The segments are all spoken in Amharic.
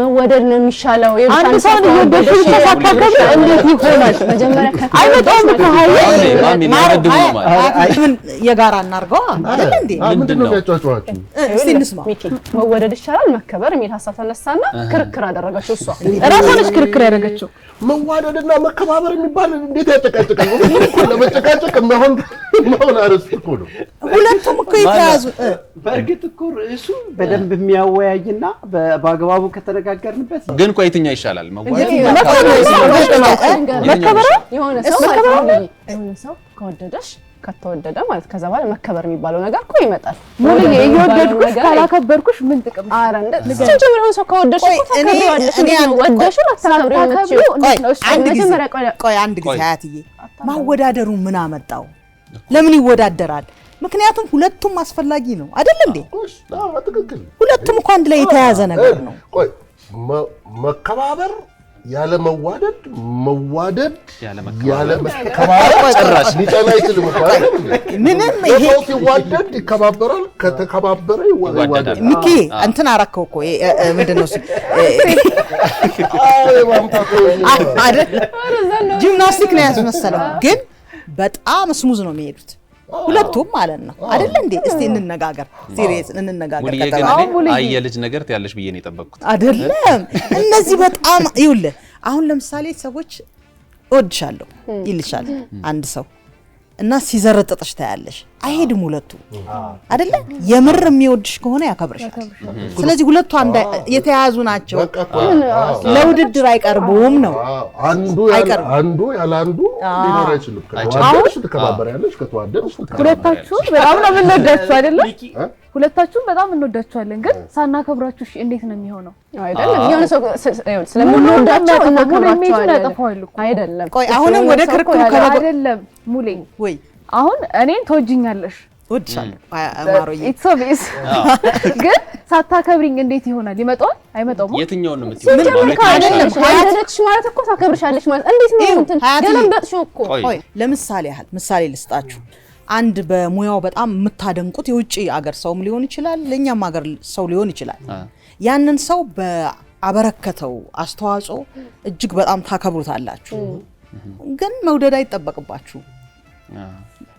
መወደድ ነው የሚሻለው። አንድ ሰው እየወደድሽ ተሳካከብ እንዴት ይሆናል? መጀመሪያ አይመጣውም እኮ ምን የጋራ እናድርገዋ አይደል እንዴ? ምንድን ነው ያጫጫዋችሁ? እስቲ እንስማ። መወደድ ይሻላል መከበር የሚል ሀሳብ ተነሳና ክርክር አደረገችው። እሷ እራሷ ነች ክርክር ያደረገችው። መዋደድና መከባበር የሚባል እንዴት ያጨቃጭቃል? እኮ ለመጨቃጨቅ መሆን መሆን አርዕስት እኮ ነው። ሁለቱም እኮ የተያዙ በእርግጥ እኮ ርዕሱ በደንብ የሚያወያይና በአግባቡ ከተነ የተነጋገርንበት ግን ቆይ የትኛው ይሻላል? ሰው ከወደደሽ ከተወደደ ማለት ከዛ በኋላ መከበር የሚባለው ነገር እኮ ይመጣል። ሙሉ እየወደድኩሽ ካላከበርኩሽ ምን ጥቅም? ሰው ከወደድሽ ቆይ ማወዳደሩ ምን አመጣው? ለምን ይወዳደራል? ምክንያቱም ሁለቱም አስፈላጊ ነው አይደል እንዴ? ሁለቱም እኮ አንድ ላይ የተያያዘ ነገር ነው። መከባበር ያለ መዋደድ መዋደድ ያለ መከባበር ሊጠና አይችልም። ምንም ይሄ ሲዋደድ ይከባበራል፣ ከተከባበረ ይዋደዳል። ሚኪ እንትን አረከው እኮ ምንድን ነው ጂምናስቲክ ነው ያስመሰለው፣ ግን በጣም ስሙዝ ነው የሚሄዱት። ሁለቱም ማለት ነው አይደለ እንዴ? እስቲ እንነጋገር፣ ሲሪየስ እንነጋገር። አየ ልጅ ነገር ትያለሽ ብዬ ነው የጠበቅኩት። አይደለም እነዚህ በጣም ይውል። አሁን ለምሳሌ ሰዎች እወድሻለሁ ይልሻል አንድ ሰው እና ሲዘረጥጥሽ ታያለሽ። አይሄድም ሁለቱ አይደለ? የምር የሚወድሽ ከሆነ ያከብርሻል። ስለዚህ ሁለቱ የተያያዙ ናቸው፣ ለውድድር አይቀርቡም ነው አንዱ ያለ አንዱ ሊኖር አይችልም። ሁለታችሁ በጣም ነው የምንወዳችሁ አይደለም ሁለታችሁም በጣም እንወዳችኋለን፣ ግን ሳናከብራችሁ እንዴት ነው የሚሆነው? አይደለም የሆነ ሰው ስለምንወዳቸው እናከብራቸዋለን አይደለም። ቆይ አሁንም ወደ ክርክሩ አይደለም። ሙሌ ወይ አሁን እኔን ተወጅኛለሽ ኦድሻለማሮቤስ ግን ሳታከብሪኝ እንዴት ይሆናል? ይመጣዋል አይመጣውም? የትኛውን ነው የምትይው ማለት እኮ ሳከብርሻለሽ ማለት እንዴት ነው? ገለምበጥሽው እኮ ለምሳሌ ያህል ምሳሌ ልስጣችሁ አንድ በሙያው በጣም የምታደንቁት የውጭ አገር ሰውም ሊሆን ይችላል፣ ለእኛም አገር ሰው ሊሆን ይችላል። ያንን ሰው በአበረከተው አስተዋጽኦ እጅግ በጣም ታከብሩታላችሁ፣ ግን መውደድ አይጠበቅባችሁ።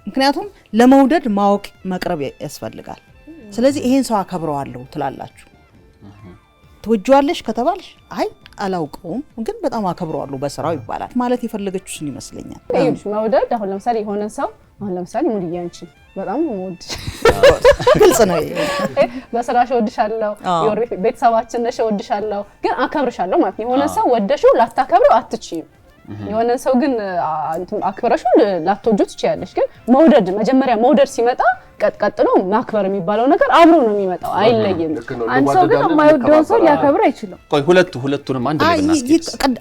ምክንያቱም ለመውደድ ማወቅ መቅረብ ያስፈልጋል። ስለዚህ ይሄን ሰው አከብረዋለሁ ትላላችሁ። ትወጂዋለሽ ከተባልሽ አይ አላውቀውም ግን በጣም አከብረዋለሁ በስራው ይባላል። ማለት የፈለገችውን ይመስለኛል መውደድ አሁን ለምሳሌ የሆነ ሰው አሁን ለምሳሌ ሙድዬ አንቺን በጣም የምወድሽ ግልጽ ነው። በስራሽ እወድሻለሁ፣ ቤተሰባችን ነሽ እወድሻለሁ፣ ግን አከብርሻለሁ ማለት የሆነ ሰው ወደሽው ላታከብረው አትችይም። የሆነ ሰው ግን አክብረሽው ላትወጁ ትችያለሽ። ግን መውደድ መጀመሪያ መውደድ ሲመጣ ቀጥሎ ማክበር የሚባለው ነገር አብሮ ነው የሚመጣው፣ አይለይም። አንድ ሰው ግን የማይወደውን ሰው ሊያከብር አይችልም። ቆይ ሁለቱ ሁለቱንም አንድ ላይ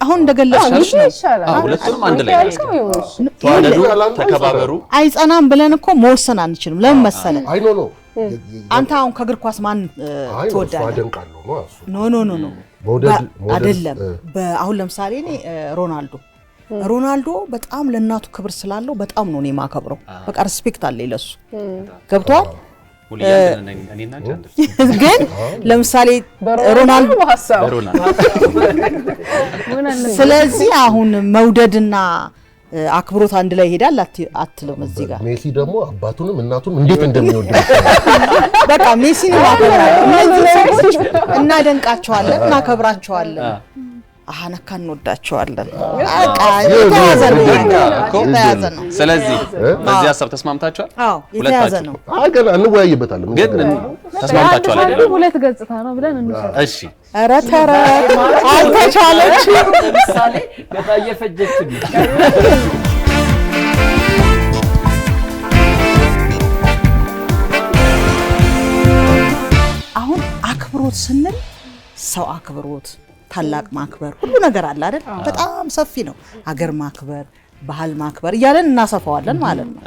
አሁን እንደገለጽሽ ይሻላል። ሁለቱንም አንድ ላይ ተዋደዱ፣ ተከባበሩ። አይጸናም ብለን እኮ መወሰን አንችልም። ለምን መሰለ አንተ አሁን ከእግር ኳስ ማን ትወዳለህ? ኖ ኖ ኖ አይደለም። አሁን ለምሳሌ እኔ ሮናልዶ ሮናልዶ በጣም ለእናቱ ክብር ስላለው በጣም ነው እኔ የማከብረው። በቃ ሪስፔክት አለ ለሱ ገብቷል። ግን ለምሳሌ ሮናልዶ ስለዚህ አሁን መውደድና አክብሮት አንድ ላይ ይሄዳል አትልም። እዚህ ጋር ሜሲ ደግሞ አባቱንም እናቱንም እንዴት እንደሚወድ በቃ ሜሲን እናደንቃቸዋለን፣ እናከብራቸዋለን አሃነካ እንወዳቸዋለን። ስለዚህ በዚህ ሀሳብ ተስማምታችኋል? አዎ የተያዘ ነው። አገር እንወያይበታለን፣ ግን ተስማምታችኋል አይደለም? ሁለት ገጽታ ነው ብለን እንውሰድ። እሺ። ኧረ ተረት አልተቻለችም። ምሳሌ አሁን አክብሮት ስንል ሰው አክብሮት ታላቅ ማክበር ሁሉ ነገር አለ አይደል? በጣም ሰፊ ነው። ሀገር ማክበር፣ ባህል ማክበር እያለን እናሰፋዋለን ማለት ነው።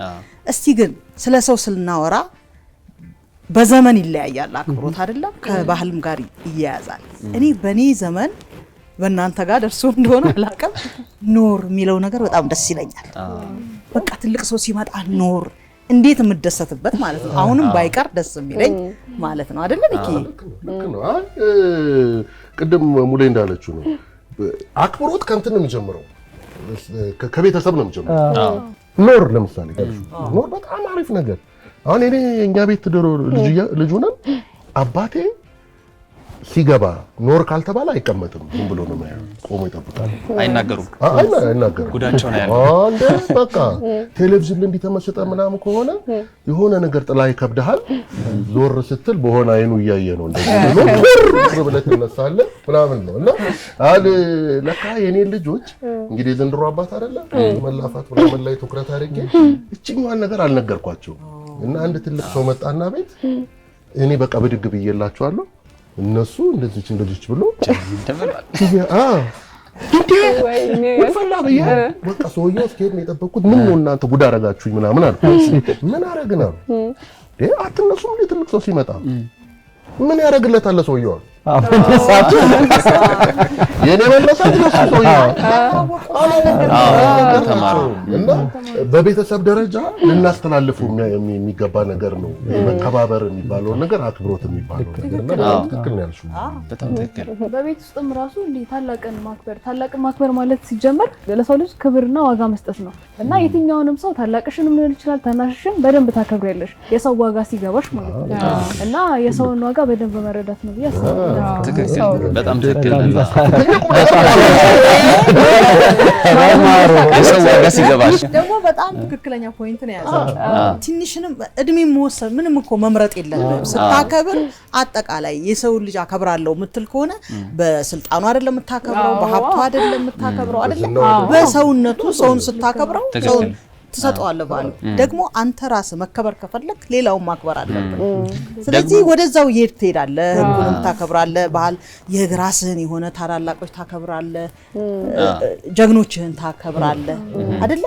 እስቲ ግን ስለ ሰው ስናወራ በዘመን ይለያያል አክብሮት አይደለም፣ ከባህልም ጋር ይያያዛል። እኔ በእኔ ዘመን በእናንተ ጋር ደርሶ እንደሆነ አላውቅም፣ ኖር የሚለው ነገር በጣም ደስ ይለኛል። በቃ ትልቅ ሰው ሲመጣ ኖር እንዴት የምደሰትበት ማለት ነው። አሁንም ባይቀር ደስ የሚለኝ ማለት ነው አይደለም ቅድም ሙሌ እንዳለችው ነው አክብሮት ከእንትን ነው የሚጀምረው፣ ከቤተሰብ ነው የሚጀምረው። ኖር ለምሳሌ ኖር በጣም አሪፍ ነገር። አሁን እኔ እኛ ቤት ልጅ ሆነን አባቴ ሲገባ ኖር ካልተባለ አይቀመጥም። ዝም ብሎ ነው የሚያየው፣ ቆሞ ይጠብቃል። አይናገሩም፣ አይናገሩም። ጉዳቸው ነው ያለው። እንደ በቃ ቴሌቪዥን እንዲህ ተመስጠ ምናምን ከሆነ የሆነ ነገር ጥላ ይከብድሃል። ዞር ስትል በሆነ አይኑ እያየ ነው እንደዚህ ብለህ ትነሳለህ ምናምን ነው እና አል ለካ የኔ ልጆች እንግዲህ ዘንድሮ አባት አይደለ መላፋት ምናምን ላይ ትኩረት አድርጌ እችኛዋን ነገር አልነገርኳቸውም እና አንድ ትልቅ ሰው መጣና ቤት እኔ በቃ ብድግ ብዬላቸዋለሁ እነሱ እንደዚች እንደዚች ብሎ በቃ ሰውዬው እስኪሄድ ነው ምን ነው እናንተ ጉድ አረጋችሁኝ ምናምን አሉ። ምን አረግን አሉ። አትነሱም እንደ ትልቅ ሰው ሲመጣ ምን ያደርግለታል ሰውዬው የኔ በቤተሰብ ደረጃ ልናስተላልፉ የሚገባ ነገር ነው። መከባበር የሚባለውን ነገር አክብሮት የሚባለው ነገር በቤት ውስጥም ራሱ እንዲህ ታላቅን ማክበር ታላቅን ማክበር ማለት ሲጀመር ለሰው ልጅ ክብርና ዋጋ መስጠት ነው እና የትኛውንም ሰው ታላቅሽንም ሊሆን ይችላል ታናሽሽን በደንብ ታከብሪያለሽ፣ የሰው ዋጋ ሲገባሽ ማለት ነው እና የሰውን ዋጋ በደንብ መረዳት ነው ብዬ አስባለሁ። በጣም ትክክል ደስ ደግሞ በጣም ትክክለኛ ፖይንት ነው የያዘው። ትንሽንም እድሜ መወሰን ምንም እኮ መምረጥ የለም ስታከብር አጠቃላይ የሰውን ልጅ አከብራለሁ የምትል ከሆነ በስልጣኑ አይደለም የምታከብረው፣ በሀብቱ አይደለም የምታከብረው፣ አይደለም በሰውነቱ ሰውን ስታከብረው ትሰጠዋለህ ባሉ ደግሞ አንተ ራስህ መከበር ከፈለግ ሌላውን ማክበር አለብን። ስለዚህ ወደዛው ይሄድ ትሄዳለህ፣ ህጉንም ታከብራለህ፣ ባህል የራስህን የሆነ ታላላቆች ታከብራለህ፣ ጀግኖችህን ታከብራለህ፣ አደለ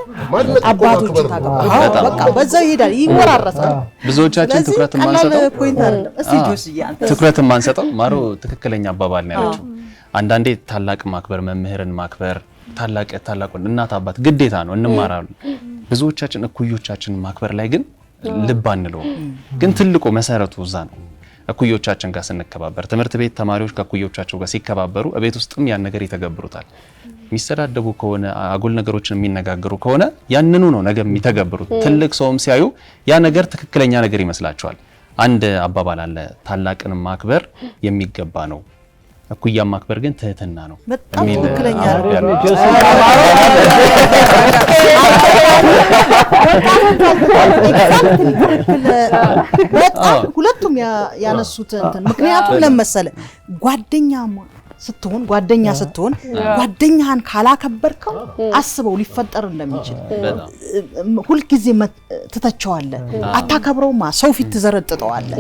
አባቶችን ታከብራለህ። በቃ በዛው ይሄዳል፣ ይወራረሳል። ብዙዎቻችን ትኩረት ማንሰጠው ትኩረት ማንሰጠው ማሮ ትክክለኛ አባባል ነው ያለችው። አንዳንዴ ታላቅ ማክበር፣ መምህርን ማክበር ታላቅ ታላቁን እናት አባት ግዴታ ነው፣ እንማራሉ ብዙዎቻችን እኩዮቻችን ማክበር ላይ ግን ልብ አንለውም። ግን ትልቁ መሰረቱ እዛ ነው። እኩዮቻችን ጋር ስንከባበር፣ ትምህርት ቤት ተማሪዎች ከእኩዮቻቸው ጋር ሲከባበሩ፣ ቤት ውስጥም ያን ነገር ይተገብሩታል። የሚሰዳደቡ ከሆነ አጉል ነገሮችን የሚነጋገሩ ከሆነ ያንኑ ነው ነገ የሚተገብሩት። ትልቅ ሰውም ሲያዩ ያ ነገር ትክክለኛ ነገር ይመስላቸዋል። አንድ አባባል አለ፣ ታላቅን ማክበር የሚገባ ነው እኩያ ማክበር ግን ትህትና ነው። በጣም ትክክለኛ ሁለቱም ያነሱት እንትን ምክንያቱም ለመሰለ ጓደኛማ ስትሆን ጓደኛ ስትሆን ጓደኛህን ካላከበርከው አስበው ሊፈጠር እንደሚችል ሁልጊዜ ትተቸዋለ አታከብረውማ፣ ሰው ፊት ትዘረጥጠዋለ።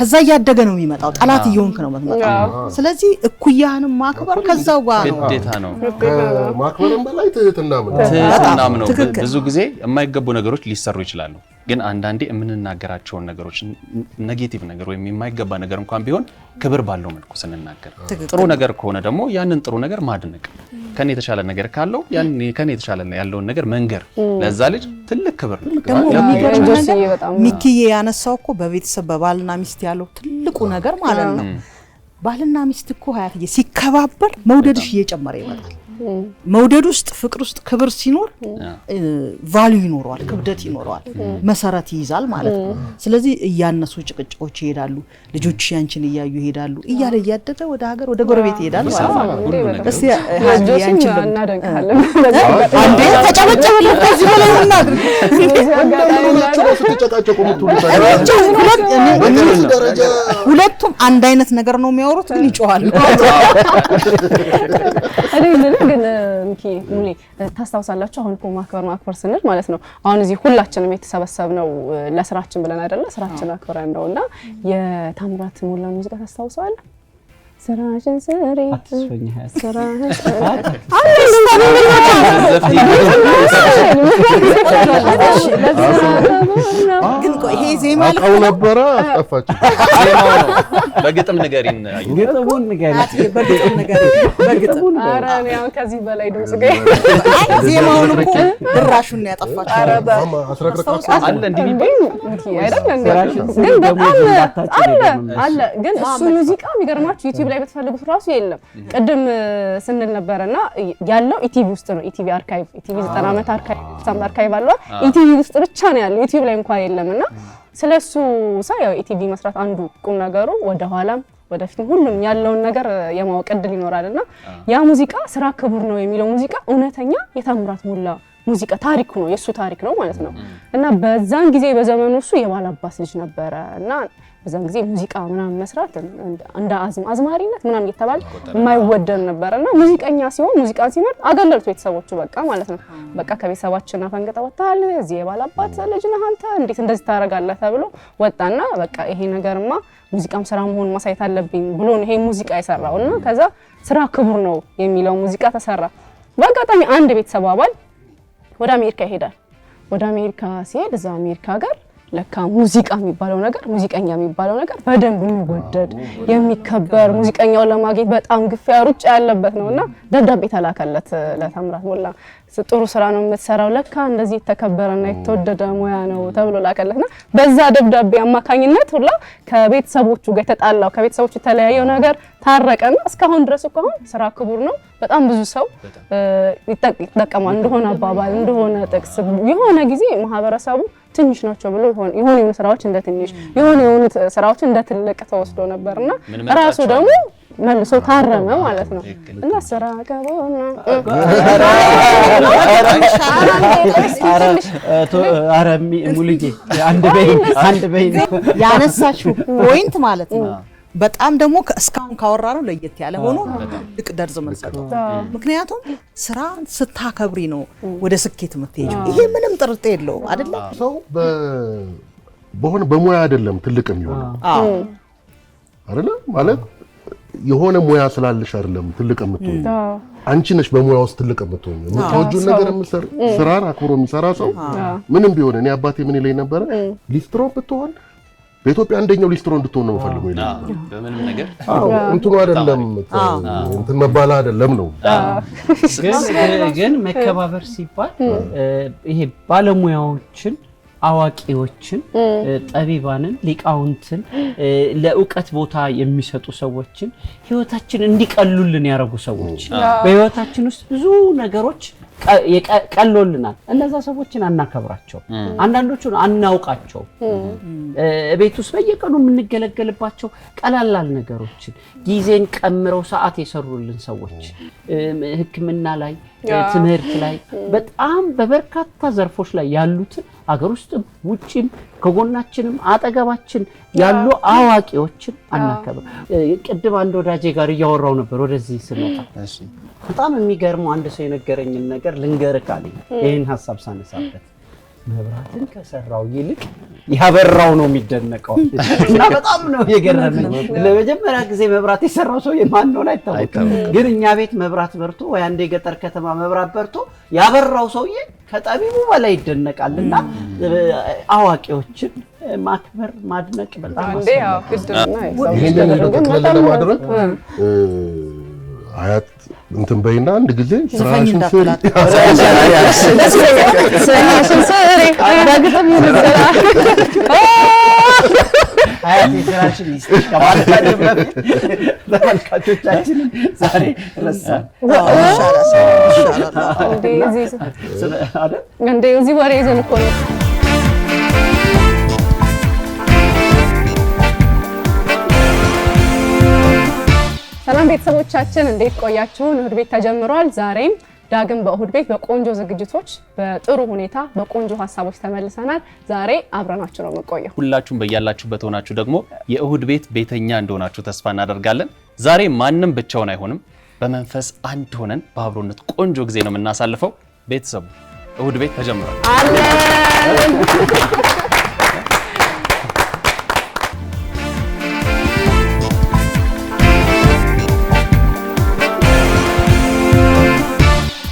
ከዛ እያደገ ነው የሚመጣው፣ ጠላት እየሆንክ ነው የምትመጣው። ስለዚህ እኩያህንም ማክበር ከዛው ጋር ነው። ማክበርም በላይ ትህትናም ነው። ብዙ ጊዜ የማይገቡ ነገሮች ሊሰሩ ይችላሉ፣ ግን አንዳንዴ የምንናገራቸውን ነገሮች ኔጌቲቭ ነገር ወይም የማይገባ ነገር እንኳን ቢሆን ክብር ባለው መልኩ ስንናገር፣ ጥሩ ነገር ከሆነ ደግሞ ያንን ጥሩ ነገር ማድነቅ፣ ከኔ የተሻለ ነገር ካለው ከኔ የተሻለ ያለውን ነገር መንገር ለዛ ልጅ ትልቅ ክብር ሚኪዬ ያነሳው እኮ በቤተሰብ በባልና ሚስት ያለው ትልቁ ነገር ማለት ነው። ባልና ሚስት እኮ ሀያትዬ ሲከባበር መውደድሽ እየጨመረ ይመጣል። መውደድ ውስጥ ፍቅር ውስጥ ክብር ሲኖር ቫሉ ይኖረዋል፣ ክብደት ይኖረዋል፣ መሰረት ይይዛል ማለት ነው። ስለዚህ እያነሱ ጭቅጭቆች ይሄዳሉ፣ ልጆች ያንችን እያዩ ይሄዳሉ፣ እያለ እያደገ ወደ ሀገር ወደ ጎረቤት ይሄዳል ማለት ነው። ሁለቱም አንድ አይነት ነገር ነው የሚያወሩት፣ ግን ይጮዋል ሚኪ ሙሌ ታስታውሳላችሁ። አሁን እኮ ማክበር ማክበር ስንል ማለት ነው አሁን እዚህ ሁላችንም የተሰበሰብነው ለስራችን ብለን አይደለ? ስራችን አክብረን ነው እና የታምራት ሞላ ሙዚቃ ታስታውሰዋል። ስራሽን ስሪ ግን ቆይ ይሄ ዜማ አውቀው ነበረ አስጠፋችሁ። በግጥም ንገሪን፣ ግጥሙን ንገሪን፣ ከዚህ በላይ ድምፅ ገኝ ዜማውን እኮ ድራሹን ነው ግን እሱ ሙዚቃ የሚገርማችሁ ዩቲዩብ ላይ ብትፈልጉት ራሱ የለም። ቅድም ስንል ነበረ እና ያለው ኢቲቪ ውስጥ ነው። ኢቲቪ አርካይቭ ኢቲቪ ዘጠና ዓመት አርካይቭ አርካይቭ ኢቲቪ ውስጥ ብቻ ነው ያለው ዩቲዩብ ላይ እንኳን የለም እና ስለሱ ሳ ያው ኢቲቪ መስራት አንዱ ቁም ነገሩ ወደኋላም ወደፊትም ሁሉም ያለውን ነገር የማወቅ እድል ይኖራል እና ያ ሙዚቃ ስራ ክቡር ነው የሚለው ሙዚቃ እውነተኛ የታምራት ሞላ ሙዚቃ ታሪክ ነው የእሱ ታሪክ ነው ማለት ነው እና በዛን ጊዜ በዘመኑ እሱ የባላባስ ልጅ ነበረ እና በዛን ጊዜ ሙዚቃ ምናምን መስራት እንደ አዝማሪነት ምናምን እየተባለ የማይወደድ ነበር እና ሙዚቀኛ ሲሆን ሙዚቃን ሲመርጥ አገለሉት ቤተሰቦቹ በቃ ማለት ነው። በቃ ከቤተሰባችን አፈንግጠ ወጥተሃል፣ እዚህ የባላባት ልጅ ነህ አንተ እንዴት እንደዚህ ታደርጋለህ ተብሎ ወጣና በቃ ይሄ ነገርማ ሙዚቃም ስራ መሆን ማሳየት አለብኝ ብሎ ይሄ ሙዚቃ የሰራው እና ከዛ ስራ ክቡር ነው የሚለው ሙዚቃ ተሰራ። በአጋጣሚ አንድ ቤተሰብ አባል ወደ አሜሪካ ይሄዳል። ወደ አሜሪካ ሲሄድ እዛ አሜሪካ ሀገር ለካ ሙዚቃ የሚባለው ነገር ሙዚቀኛ የሚባለው ነገር በደንብ የሚወደድ የሚከበር ሙዚቀኛውን ለማግኘት በጣም ግፊያ ሩጫ ያለበት ነው እና ደብዳቤ ተላከለት ለታምራት ሞላ ጥሩ ስራ ነው የምትሰራው፣ ለካ እንደዚህ የተከበረና የተወደደ ሙያ ነው ተብሎ ላከለትና በዛ ደብዳቤ አማካኝነት ሁላ ከቤተሰቦቹ ጋር የተጣላው ከቤተሰቦቹ የተለያየው ነገር ታረቀና እስካሁን ድረስ እኮ አሁን ስራ ክቡር ነው። በጣም ብዙ ሰው ይጠቀማል። እንደሆነ አባባል፣ እንደሆነ ጥቅስ የሆነ ጊዜ ማህበረሰቡ ትንሽ ናቸው ብሎ የሆኑ የሆኑ ስራዎች እንደ ትንሽ የሆኑ የሆኑ ስራዎች እንደ ትልቅ ተወስዶ ነበርና ራሱ ደግሞ መልሶ ታረመ ማለት ነው። እና ስራ ገባና ሙልጌ አንድ በይ አንድ በይ ያነሳሽው ፖይንት ማለት ነው። በጣም ደግሞ እስካሁን ካወራ ነው ለየት ያለ ሆኖ ልቅ ደርዝ መልሰጠው። ምክንያቱም ስራ ስታከብሪ ነው ወደ ስኬት የምትሄጂው። ይሄ ምንም ጥርጥ የለው አይደለ? ሰው በሆነ በሙያ አይደለም ትልቅ የሚሆነው አይደለ ማለት የሆነ ሙያ ስላለሽ አይደለም ትልቅ የምትሆኝ፣ አንቺ ነሽ በሙያ ውስጥ ትልቅ የምትሆኝ። የምትወጂውን ነገር የምትሰሪ ስራን አክብሮ የሚሰራ ሰው ምንም ቢሆን እኔ አባቴ ምን ይለኝ ነበረ፣ ሊስትሮ ብትሆን በኢትዮጵያ አንደኛው ሊስትሮ እንድትሆን ነው የምፈልገው ይለኝ። በምንም ነገር እንትኑ አይደለም እንትን መባላ አይደለም ነው። ግን መከባበር ሲባል ይሄ ባለሙያዎችን አዋቂዎችን፣ ጠቢባንን፣ ሊቃውንትን፣ ለእውቀት ቦታ የሚሰጡ ሰዎችን ህይወታችን እንዲቀሉልን ያደረጉ ሰዎች በህይወታችን ውስጥ ብዙ ነገሮች ቀሎልናል። እነዛ ሰዎችን አናከብራቸው፣ አንዳንዶቹን አናውቃቸው። ቤት ውስጥ በየቀኑ የምንገለገልባቸው ቀላላል ነገሮችን ጊዜን ቀምረው ሰዓት የሰሩልን ሰዎች ሕክምና ላይ ትምህርት ላይ በጣም በበርካታ ዘርፎች ላይ ያሉትን አገር ውስጥም ውጭም ከጎናችንም አጠገባችን ያሉ አዋቂዎችን አናከብር። ቅድም አንድ ወዳጄ ጋር እያወራው ነበር ወደዚህ ስመጣ በጣም የሚገርመው አንድ ሰው የነገረኝን ነገር ነገር ልንገርህ አለኝ። ይህን ሀሳብ ሳነሳበት መብራትን ከሰራው ይልቅ ያበራው ነው የሚደነቀው እና በጣም ነው የገረመኝ። ለመጀመሪያ ጊዜ መብራት የሰራው ሰው የማን ነው አይታወቅም፣ ግን እኛ ቤት መብራት በርቶ ወይ አንድ የገጠር ከተማ መብራት በርቶ ያበራው ሰውዬ ከጠቢቡ በላይ ይደነቃል። እና አዋቂዎችን ማክበር ማድነቅ በጣም ይህንን ለማድረግ አያት እንትን በይና አንድ ጊዜ ስራሽን ስሪ። ተመልካቾቻችንን እንዴ? እዚህ ወሬ ይዘን እኮ ነው ሰላም ቤተሰቦቻችን እንዴት ቆያችሁን? እሁድ ቤት ተጀምሯል። ዛሬም ዳግም በእሁድ ቤት በቆንጆ ዝግጅቶች በጥሩ ሁኔታ በቆንጆ ሀሳቦች ተመልሰናል። ዛሬ አብረናችሁ ነው የምንቆየው። ሁላችሁም በያላችሁበት ሆናችሁ ደግሞ የእሁድ ቤት ቤተኛ እንደሆናችሁ ተስፋ እናደርጋለን። ዛሬ ማንም ብቻውን አይሆንም። በመንፈስ አንድ ሆነን በአብሮነት ቆንጆ ጊዜ ነው የምናሳልፈው። ቤተሰቡ እሁድ ቤት ተጀምሯል።